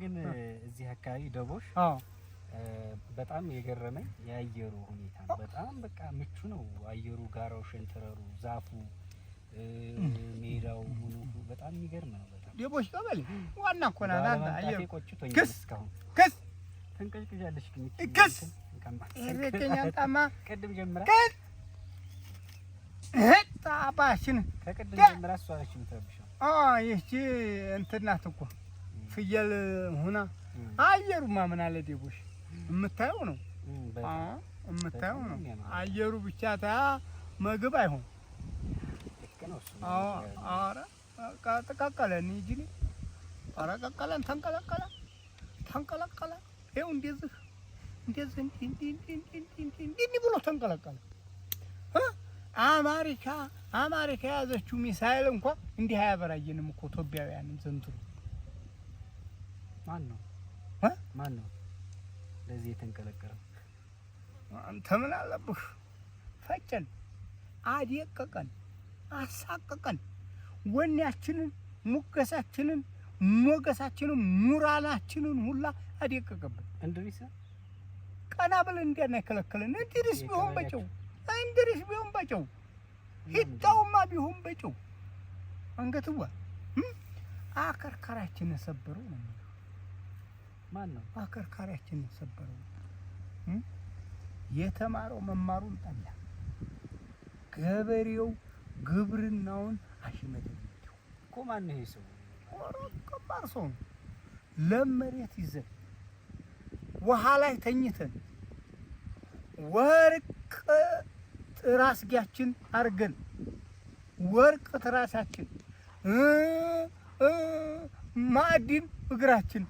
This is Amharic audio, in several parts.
ግን እዚህ አካባቢ ደቦሽ በጣም የገረመኝ የአየሩ ሁኔታ በጣም በቃ ምቹ ነው አየሩ፣ ጋራው፣ ሸንተረሩ፣ ዛፉ፣ ሜዳው በጣም የሚገርም ነው። በጣም ደቦሽ ቀበሌ ዋና እኮ ናት። አየሩ እስካሁን ክስ ግን ክስ ቅድም ጀምራ ክስ ጣባሽን ከቅድም ጀምራ እሷ ነች የምትረብሸው። ይህቺ እንትናት እኮ ፍየል ሁና አየሩማ ምን አለ ዴቦሽ የምታየው ነው የምታየው ነው። አየሩ ብቻ ታ ምግብ አይሆን ኧረ እንጂ ኧረ ቀቀለን ተንቀለቀለ ተንቀለቀለ ይኸው እንደዚህ እንደዚህ እንዲህ ብሎ ተንቀለቀለ። አማሪካ አማሪካ የያዘችው ሚሳኤል እንኳ እንዲህ አያበራየንም እኮ ኢትዮጵያውያንም ዘንድሮ ማን ነው ማን ነው ለዚህ የተንቀለቀለው? አንተ ምን አለብህ? ፈጨን፣ አደቀቀን፣ አሳቀቀን፣ ወኔያችንን፣ ሙገሳችንን፣ ሞገሳችንን፣ ሙራላችንን ሁላ አደቀቀብን። እንድሪስ ቀና ብለን እንዲያን አይከለከልን። እንድሪስ ቢሆን በጨው እንድሪስ ቢሆን በጨው ሂጣውማ ቢሆን በጨው አንገትዋ አከርከራችን ሰበረው ነው ነው አከርካሪያችን ነው ሰበረው። የተማረው መማሩን ጠላ፣ ገበሬው ግብርናውን አሽመደው እኮ። ነው ይሄ ሰው? ከባድ ሰው ነው። ለም ይዘን ውሃ ላይ ተኝተን ወርቅ ትራስጊያችን አድርገን ወርቅ ትራሳችን ማዕድን እግራችን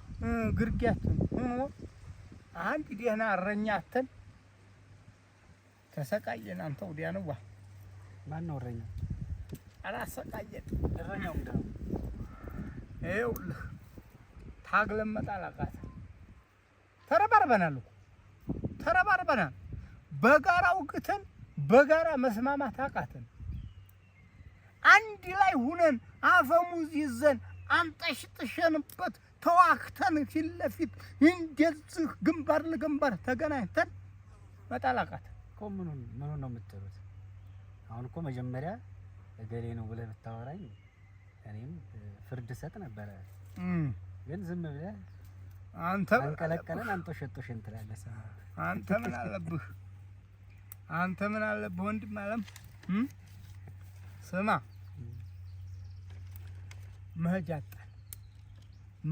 ግርጌያችን ሆኖ አንድ ደህና እረኛ አተን ተሰቃየን። አንተ ወዲያ ነዋ። ነው እረኛ? አላሰቃየን። እረኛው ምንድን ነው? ይኸውልህ ታግለን መጣል አቃተን። ተረባርበናል እኮ ተረባርበናል። በጋራ ውግተን በጋራ መስማማት አቃተን። አንድ ላይ ሁነን አፈሙዝ ይዘን አንጠሽጥሸንበት ተዋክተን ፊት ለፊት እንደዚህ ግንባር ለግንባር ተገናኝተን መጣላቃት እኮ ምኑን ምኑን ነው የምትሉት? አሁን እኮ መጀመሪያ እገሌ ነው ብለህ ብታወራኝ እኔም ፍርድ ሰጥ ነበረ። ግን ዝም ብለህ አንተ አንቀለቀለን አንተ ሸጦሽ እንትላለህ። አንተ ምን አለብህ? አንተ ምን አለብህ? ወንድም አለም ስማ መሄጃ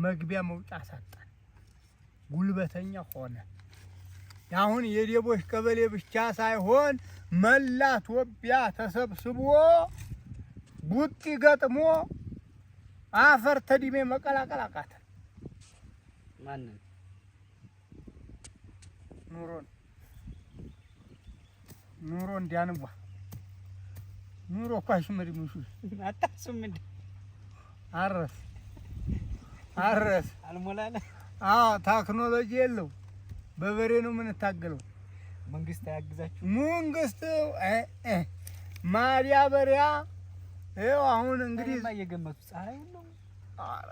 መግቢያ መውጫ ሳጣን፣ ጉልበተኛ ሆነ። አሁን የዴቦች ቀበሌ ብቻ ሳይሆን መላ ኢትዮጵያ ተሰብስቦ ቡጢ ገጥሞ አፈር ተድሜ መቀላቀል አቃተ። ማንን ኑሮን ኑሮ እንዲያንቧ ኑሮ እኮ አይሽመድምሹ አታስም እንዴ አረስ አረስ አልሞላለ። አዎ ታክኖሎጂ የለው። በበሬ ነው የምንታገለው። መንግስት አያግዛችሁ። መንግስት በሪያ ይኸው አሁን እንግዲህ ማ እየገመቱ ፀሐይ ነው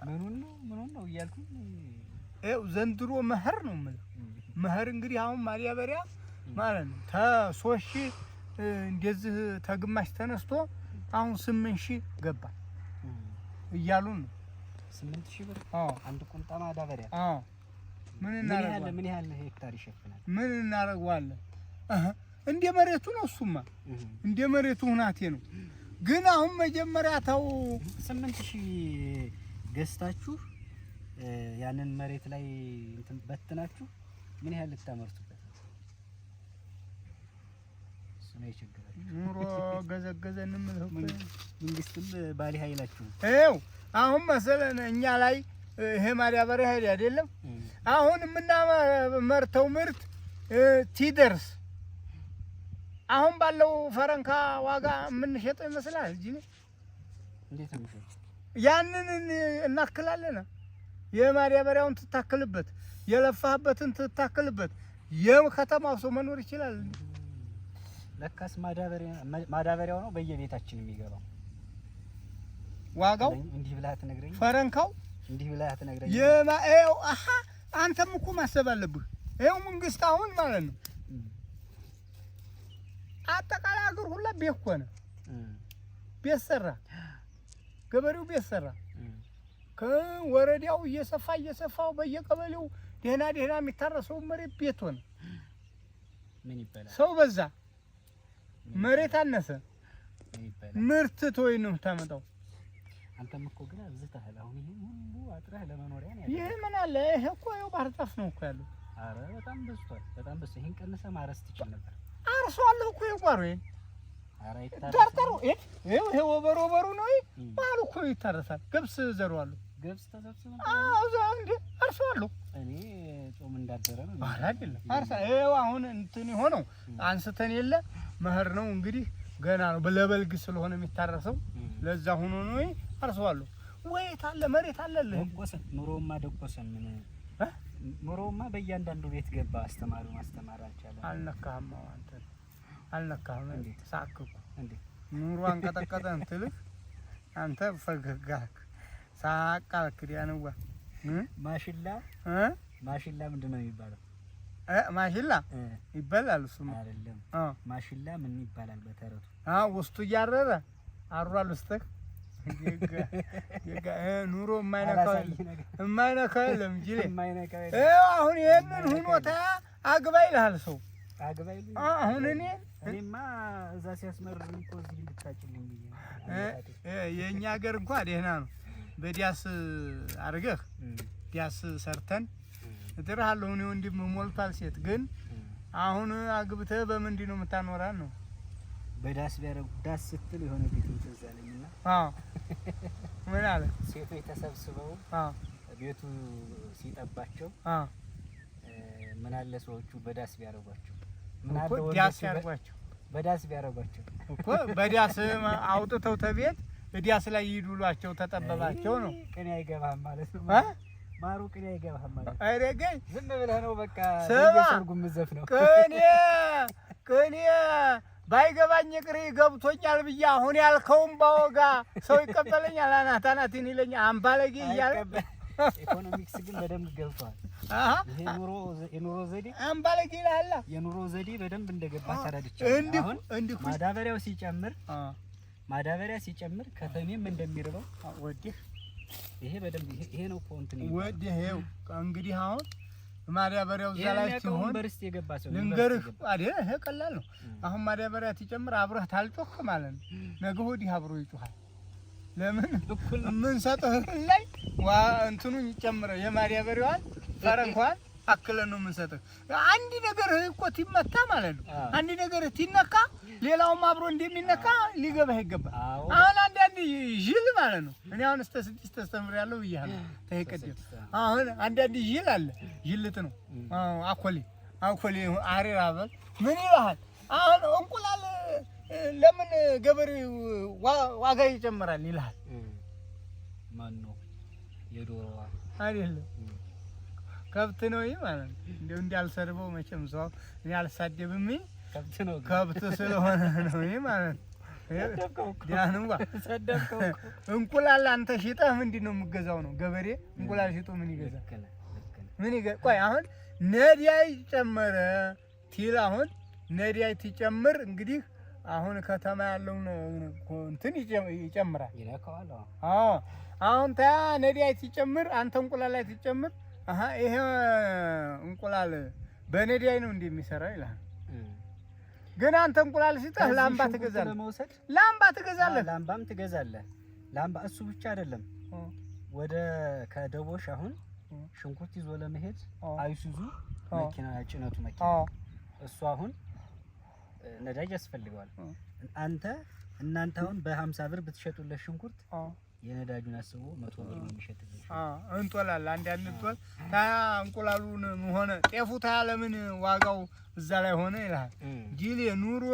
ምኑን ነው ምኑን ነው እያልኩኝ ይኸው ዘንድሮ መኸር ነው የምልህ። መኸር እንግዲህ አሁን በሪያ ማለት ነው ተሶስት ሺህ እንደዚህ ተግማሽ ተነስቶ አሁን ስምንት ሺህ ገባ እያሉን ነው ስምንት ሺህ ብር አንድ ቁንጣ ማዳበሪያ ምን እናደርገዋለን? ምን ያህል ሄክታር ይሸፍናል? ምን እናደርገዋለን? እንደ መሬቱ ነው። እሱማ እንደ መሬቱ ሁናቴ ነው። ግን አሁን መጀመሪያ ተው ስምንት ሺህ ገዝታችሁ ያንን መሬት ላይ እንትን በትናችሁ ምን ያህል ልታመርቱበት ነው? ስለ ኑሮ ገዘገዘን ምን መንግስትም ባሊ ኃይላችሁ አሁን መሰለን እኛ ላይ ይሄ ማዳበሪያ ሄድ አይደለም አሁን የምናመርተው ምርት ቲደርስ አሁን ባለው ፈረንካ ዋጋ የምንሸጠው ይመስላል እንጂ ያንን እናክላለን። የማዳበሪያውን ትታክልበት፣ የለፋህበትን ትታክልበት። ይህም ከተማው ሰው መኖር ይችላል። ለካስ ማዳበሪያ ነው በየቤታችን የሚገባው ዋጋው እንዲህ ብለህ አትነግረኝ። ፈረንካው እንዲህ ብለህ አትነግረኝ። የማ ይኸው አሃ አንተም እኮ ማሰብ አለብህ። ይኸው መንግስት አሁን ማለት ነው አጠቃላይ ሀገር ሁላ ቤት ኮነ ቤት ሰራ፣ ገበሬው ቤት ሰራ። ከወረዳው እየሰፋ እየሰፋው በየቀበሌው ደህና ደህና የሚታረሰው መሬት ቤት ሆነ። ምን ይበላል? ሰው በዛ፣ መሬት አነሰ። ምርት ቶይ ነው ታመጣው አንተም እኮ ግን አብዝተሃል። አሁን ይሄ ሁሉ አጥረህ ለመኖሪያ ነው ያለው። ይሄ ምን አለ ይሄ እኮ ያው ባህር ጣፍ ነው እኮ ያለው። አረ በጣም በዝቷል፣ በጣም በዝቷል። ይሄን ቀንሰህ ማረስ ትችል ነበር። አርሷለሁ እኮ ይጓሩ ይሄ አረ ይታረሳል። ዳርተሩ እህ ይሄ ወበሮ ወበሩ ነው ባሉ እኮ ይታረሳል። ገብስ ዘሩ አለ ገብስ ተዘብሰ አዎ ዘ እንዴ አርሷለሁ እኔ ጾም እንዳደረ ነው። አረ አይደለም አርሳ ይሄው አሁን እንትን የሆነው አንስተን የለ መኸር ነው እንግዲህ ገና ነው። ለበልግ ስለሆነ የሚታረሰው ለዛ ሆኖ ነው አርሰዋሉ ወይት አለ መሬት አለልህ። ደቆሰን ኑሮማ ደቆሰን ምን ኑሮማ በእያንዳንዱ ቤት ገባ። አስተማሩ ማስተማር አልቻለ። አልነካህም። አንተ አልነካህም። እንዴት ሳክኩ እንዴ ኑሮ አንቀጠቀጠን ትልህ አንተ ፈገጋክ አልክ፣ ሳቅ ዲያንዋ ማሽላ ማሽላ ምንድን ነው የሚባለው? ማሽላ ይበላል። እሱ አይደለም። ማሽላ ምን ይባላል በተረቱ? ውስጡ እያረረ አሯል ውስጥህ ኑሮ የማይነካ የለም አሁን ይህንን ሁኖታ አግባ ይልሃል ሰው አሁን እኔ እኔማ እዛ እኮ እዚህ እንድታጭልኝ የእኛ ሀገር እንኳ ደህና ነው። በዲያስ አድርገህ ዲያስ ሰርተን እጥርሃለሁ። እኔ ወንድም ሞልቷል ሴት ግን አሁን አግብተህ በምንድን ነው የምታኖራን ነው በዳስ ቢያረጉ ዳስ ስትል የሆነ ቤት ትዝ አለኝ እና ምን አለ ሴቶች ተሰብስበው ቤቱ ሲጠባቸው ምን አለ ሰዎቹ በዳስ ቢያረጓቸው ምን አለ ዳስ ቢያረጓቸው በዳስ ቢያረጓቸው እኮ በዳስ አውጥተው ተቤት እዳስ ላይ ይዱሏቸው ተጠበባቸው ነው። ቅኔ አይገባህም ማለት ነው ማሩ ቅኔ አይገባህም ማለት ነው። አይደገኝ ዝም ብለህ ነው በቃ ሰርጉ ምዘፍ ነው ቅኔ ቅኔ ባይገባኝ ቅሪ ገብቶኛል ብዬ አሁን ያልከውን ባወጋ ሰው ይቀበለኛል? አናታናቲን ይለኛ አምባለጊ አምባለጌ እያለ ኢኮኖሚክስ ግን በደንብ ገብቷል። የኑሮ ዘዴ አምባለጌ ይልሃል። የኑሮ ዘዴ በደንብ እንደገባ ተረድቻለሁ። አሁን ማዳበሪያው ሲጨምር ማዳበሪያ ሲጨምር ከተሜም እንደሚርበው ወዲህ ይሄ በደንብ ይሄ ነው ፖንት ነው ወዲህ ይሄው እንግዲህ አሁን ማዳበሪያው እዛ ላይ ሲሆን ልንገርህ አይደል? ይሄ ቀላል ነው። አሁን ማዳበሪያ ትጨምር አብረህ ታልጮክ ማለት ነው። ነገ ወዲህ አብሮ ይጮሃል። ለምን እኩል የምንሰጥህ ላይ ዋ እንትኑን ጨምረ የማዳበሪያዋን ፈረንኳን አክለን ነው የምንሰጥህ። አንድ ነገር እኮ ትመታ ማለት ነው። አንድ ነገር ቲነካ ሌላውም አብሮ እንደሚነካ ሊገባህ ይገባል። አሁን አንዳንድ ይል ማለት ነው። እኔ አሁን እስከ ስድስት ተስተምሬያለሁ ብያለሁ። ተይ ቀደም አሁን አንዳንድ ይል አለ ይልት ነው አኮሌ አኮሌ አሬራ በል ምን ይልሃል። አሁን እንቁላል ለምን ገበሬ ዋጋ ይጨምራል ይልሃል። ማን ነው የዶሮ አይደለም ከብት ነው ይህ ማለት ነው። እንደው እንዳልሰርበው መቼም ሰው እኔ አልሳደብም። ከብት ነው ከብት ስለሆነ ነው ይህ ማለት ነው። ሰደብከው። እንቁላል አንተ ሽጠህ ምንድን ነው የምገዛው? ነው ገበሬ እንቁላል ሽጦ ምን ይገዛ? ምን ይገ ቆይ አሁን ጨመረ ቲል አሁን ትጨምር እንግዲህ አሁን ከተማ ያለውን እንትን ይጨምራል። አዎ አሁን ታ ነዳጅ አንተ እንቁላል ላይ ሲጨምር፣ አሀ ይሄ እንቁላል ነው ይላል። ግን አንተ እንቁላል ሲጠህ ላምባ ትገዛለህ፣ ላምባ ትገዛለህ፣ ላምባም ትገዛለህ። ላምባ እሱ ብቻ አይደለም። ወደ ከደቦሽ አሁን ሽንኩርት ይዞ ለመሄድ አይሱዙ መኪና ጭነቱ መኪና እሱ አሁን ነዳጅ ያስፈልገዋል። አንተ እናንተ አሁን በሀምሳ ብር ብትሸጡለት ሽንኩርት የነዳጁን አስቦ መቶ ብር ነው የሚሸጥልኝ። እንጦላል አንዳንድ እንጦል ታ እንቁላሉን ሆነ ጤፉ ታ ለምን ዋጋው እዛ ላይ ሆነ ይላል። ጅል ኑሮ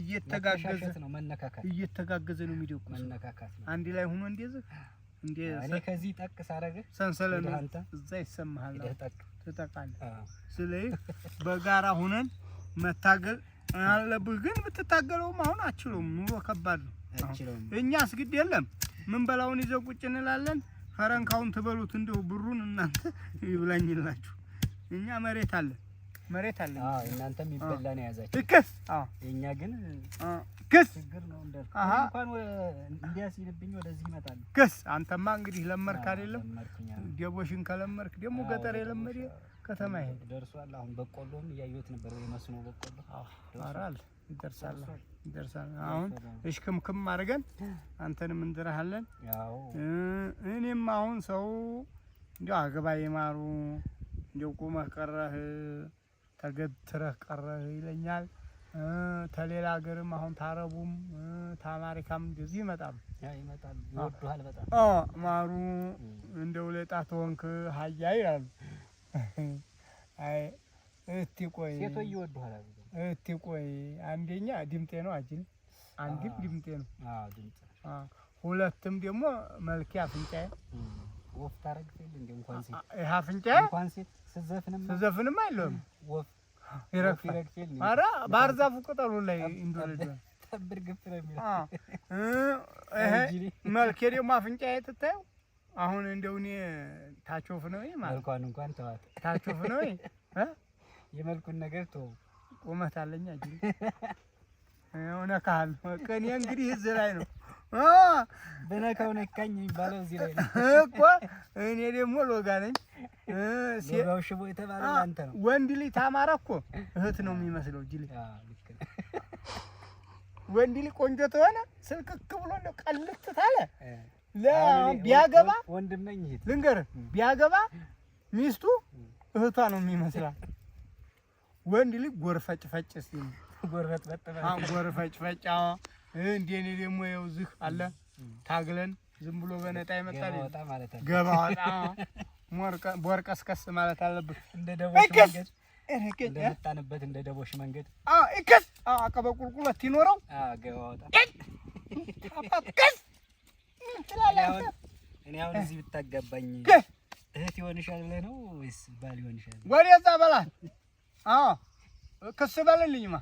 እየተጋገዘ ነው መነካካት እየተጋገዘ ነው የሚደቁ መነካካት አንድ ላይ ሆኖ እንደዚህ እንዴ እኔ ከዚህ ጠቅ ሳረገ ሰንሰለት አንተ እዛ ይሰማሃል ትጠቃለህ። ስለዚህ በጋራ ሆነን መታገል አለብህ። ግን ብትታገለውም አሁን አችለውም ኑሮ ከባድ ነው። እኛ አስግድ የለም ምን በላውን ይዘው ቁጭ እንላለን። ፈረንካውን ትበሉት እንደው ብሩን እናንተ ይብላኝላችሁ። እኛ መሬት አለ መሬት አለ። አዎ እናንተ ይበላ ነው የያዛችሁ። ክስ አዎ፣ የኛ ግን ክስ ችግር ነው እንዳልኩ እንኳን እንዲያስይልብኝ ወደዚህ ይመጣል። ክስ አንተማ እንግዲህ ለመርክ አይደለም ደቦሽን ከለመርክ ደግሞ ገጠር የለመደ ከተማ ይሄድ ደርሷል። አሁን በቆሎም እያየሁት ነበር፣ ወይ መስኖ በቆሎ። አዎ ኧረ ይደርሳል። ይደርሳል። አሁን እሽክምክም አድርገን አንተንም እንድረሃለን። እኔም አሁን ሰው እንዲያው አግባ ይማሩ እንዲያው ቁመህ ቀረህ ተገብትረህ ቀረህ ይለኛል። ተሌላ ሀገርም አሁን ታረቡም ታማሪካም እንደዚህ ይመጣሉ ይመጣሉ። በጣም ማሩ እንደ ውለጣ ተወንክ ሀያ ይላሉ። አይ እስቲ ቆይ ሴቶ ይወዱሃል እህቴ ቆይ አንደኛ ድምጤ ነው አጅል አንድም ድምጤ ነው። ሁለትም ደግሞ መልኬ አፍንጫዬ ወፍ ታረግፊልኝ እንደ እንኳን ሴት ይሄ አፍንጫዬ እንኳን ሴት ስዘፍንም ስዘፍንም አይለውም ወፍ ይረግፊልኝ። ኧረ ባህር ዛፉ ቅጠሉ ላይ እንደወለደ ተብር ግፍ ነው የሚለው እህ መልኬ ደግሞ አፍንጫዬ ትታየው። አሁን እንደው እኔ ታቾፍ ነው ማለት መልኳን እንኳን ተዋት ታቾፍ ነው እ የመልኩን ነገር ተወው ቁመት አለኝ አጅሬ እውነካህል ቅኔ እንግዲህ እዚህ ላይ ነው። በነካው ነካኝ የሚባለው እዚህ ላይ ነው እኮ። እኔ ደግሞ ሎጋ ነኝ። ሎጋው ሽቦ የተባለው አንተ ነው። ወንድ ልጅ ታማረ እኮ እህት ነው የሚመስለው። እጅ ወንድ ልጅ ቆንጆ ተሆነ ስልክክ ብሎ እንደው ቀልት ታለ ቢያገባ ወንድመኝ ልንገርህ፣ ቢያገባ ሚስቱ እህቷ ነው የሚመስላት ወንድ ልጅ ጎርፈጭ ፈጭ ሲል ጎርፈጭ ፈጭ። አዎ እኔ ደግሞ ያው ዝህ አለ ታግለን ዝም ብሎ በነጣ ይመጣል። ገባ ማለት ገባ ወጣ ከስ ማለት አለብህ። እንደ ደቦሽ መንገድ እንደመጣንበት እንደ ደቦሽ መንገድ አዎ እከስ አዎ አቀበ ቁልቁለት ይኖረው ገባ ወጣ ቀስ እኔ አሁን እዚህ ብታጋባኝ እህት ይሆንሻል ብለህ ነው ወይስ ባል ይሆንሻል? ወደዛ በላት አዎ ክስ በልልኝማ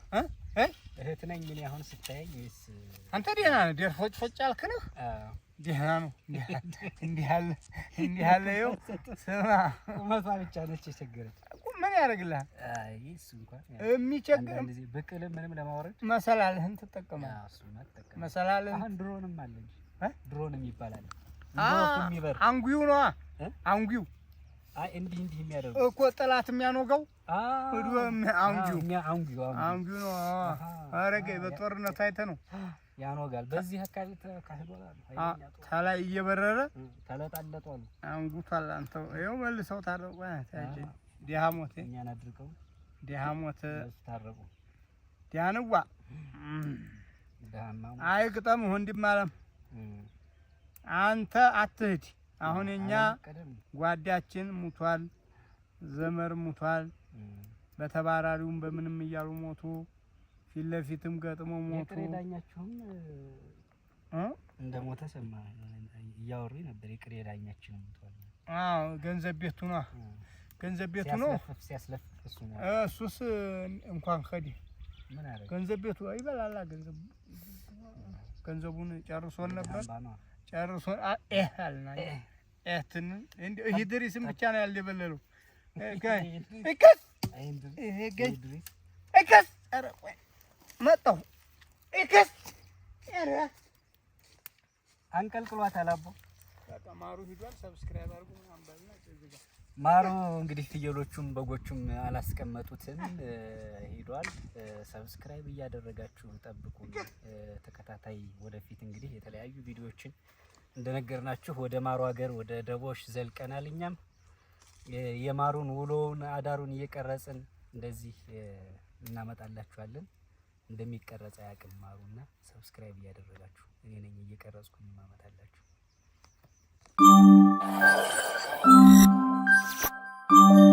እህት ነኝ ምን አሁን ስታየኝ ስ አንተ ደህና ነህ? ደር ፎጭ ፎጭ አልክ ነህ። ደህና ነው። እንዲህ አለ እንዲህ አለ። ይኸው ስማ፣ ቁመቷ ብቻ ነች የቸገረች። ምን ያደርግልሃል? የሚቸግርም ብቅልም ምንም ለማውረድ መሰላልህን ትጠቀማለህ። መሰላልህን አሁን ድሮንም አለ እንጂ ድሮንም ይባላል። አንጉዩ ነዋ አንጉዩ አይ እንዲህ እንዲህ የሚያደርገው እኮ ጠላት የሚያኖገው ነው። በጦርነት አይተ ነው ያኖጋል። በዚህ አካባቢ ተላይ እየበረረ ተለጣለጧል። አንጉ ታላንተው ይኸው መልሰው ታረቁ። ዲሃ እኛን አድርገው ዲሃ ታረቁ። ወንድም አለም አንተ አትሂድ አሁን እኛ ጓዳችን ሙቷል፣ ዘመር ሙቷል፣ በተባራሪውም በምንም እያሉ ሞቱ፣ ፊት ለፊትም ገጥሞ ሞቱ። እንደ ሞተ ሰማ እያወሩ ነበር። የቅሬ ዳኛችን ሙቷል። አዎ ገንዘብ ቤቱ ነው። ገንዘብ ቤቱ ነው እሱስ እንኳን ከዲ ገንዘብ ቤቱ ይበላላ ገንዘቡን ጨርሶን ነበር። ጨርሶ ኤህ አልና ኤህትን ብቻ ነው ያልደበለለው። እከስ እከስ መጣሁ እከስ አንቀልቅሏታል አቦ ሂዷል። ሰብስክራይብ አድርጉ። ማሩ እንግዲህ ፍየሎቹም በጎቹም አላስቀመጡትም፣ ሄዷል። ሰብስክራይብ እያደረጋችሁ ጠብቁ። ተከታታይ ወደፊት እንግዲህ የተለያዩ ቪዲዮዎችን እንደነገርናችሁ ወደ ማሩ ሀገር ወደ ደቦሽ ዘልቀናል። እኛም የማሩን ውሎውን አዳሩን እየቀረጽን እንደዚህ እናመጣላችኋለን። እንደሚቀረጽ አያውቅም ማሩና። ሰብስክራይብ እያደረጋችሁ እኔ ነኝ እየቀረጽኩኝ እናመጣላችሁ። Thank you.